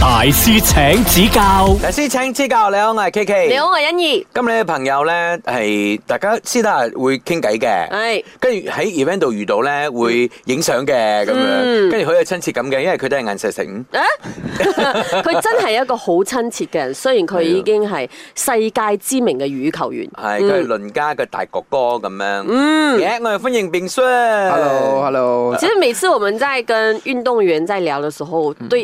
大師請指教，大師請指教。你好，我係 K K。你好，我係欣宜。今日嘅朋友咧，係大家知得係會傾偈嘅，係跟住喺 event 度遇到咧會影相嘅咁樣，跟住佢有親切感嘅，因為佢都係銀石城，佢真係一個好親切嘅人。雖然佢已經係世界知名嘅羽球員，係佢係鄰家嘅大哥哥咁樣。嗯，yeah, 我哋歡迎炳順。Hello，Hello hello。其實每次我們在跟運動員在聊嘅時候，嗯、對。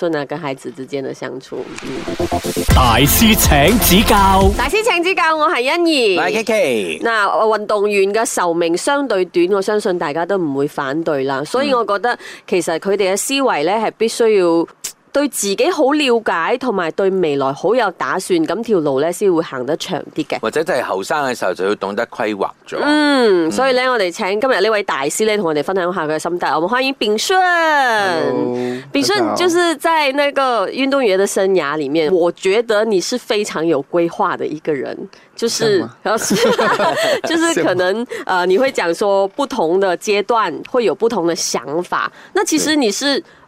順啊，跟孩子之間的相處，嗯，大師請指教。大師請指教，我係欣兒，大 K K。嗱，運動員嘅壽命相對短，我相信大家都唔會反對啦。所以我覺得，其實佢哋嘅思維呢係必須要。對自己好了解，同埋對未來好有打算，咁條路咧先會行得長啲嘅。或者就係後生嘅時候就要懂得規劃咗。嗯，所以咧，我哋請今日呢位大師咧，同我哋分享下佢嘅心得。我們歡迎炳順。炳順就是在那個運動員的生涯裏面，Hello. 我覺得你是非常有規劃的一個人。就是，是 就是可能，呃，你會講說不同的階段會有不同的想法。那其實你是。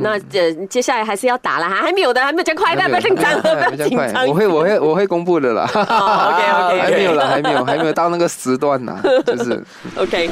那接下來還是要打了哈，還沒有的，還沒有將快，不要緊張，不要緊張，我會我會我會公布的啦。OK OK 還沒有啦，還沒有，還沒有到那個時段啦，就是。 OK，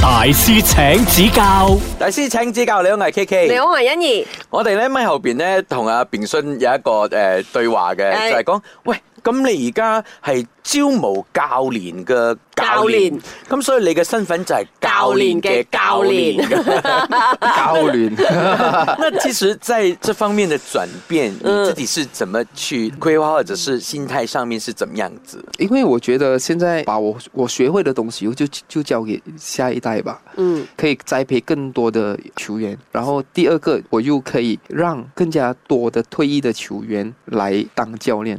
大師請指教，大師請指教，你好我係 K K，你好係欣怡，我哋咧咪後邊咧同阿炳順有一個誒、呃、對話嘅、呃，就係、是、講喂。咁你而家係招募教練嘅教練，咁所以你嘅身份就係教練嘅教練嘅教練。教練 教練 那其實，在這方面的轉變，你自己是怎麼去規劃，或者是心態上面是怎麼樣子？因為我覺得，現在把我我學會嘅東西我就，就就交給下一代吧。嗯，可以栽培更多的球員。然後第二個，我又可以讓更加多的退役的球員來當教練。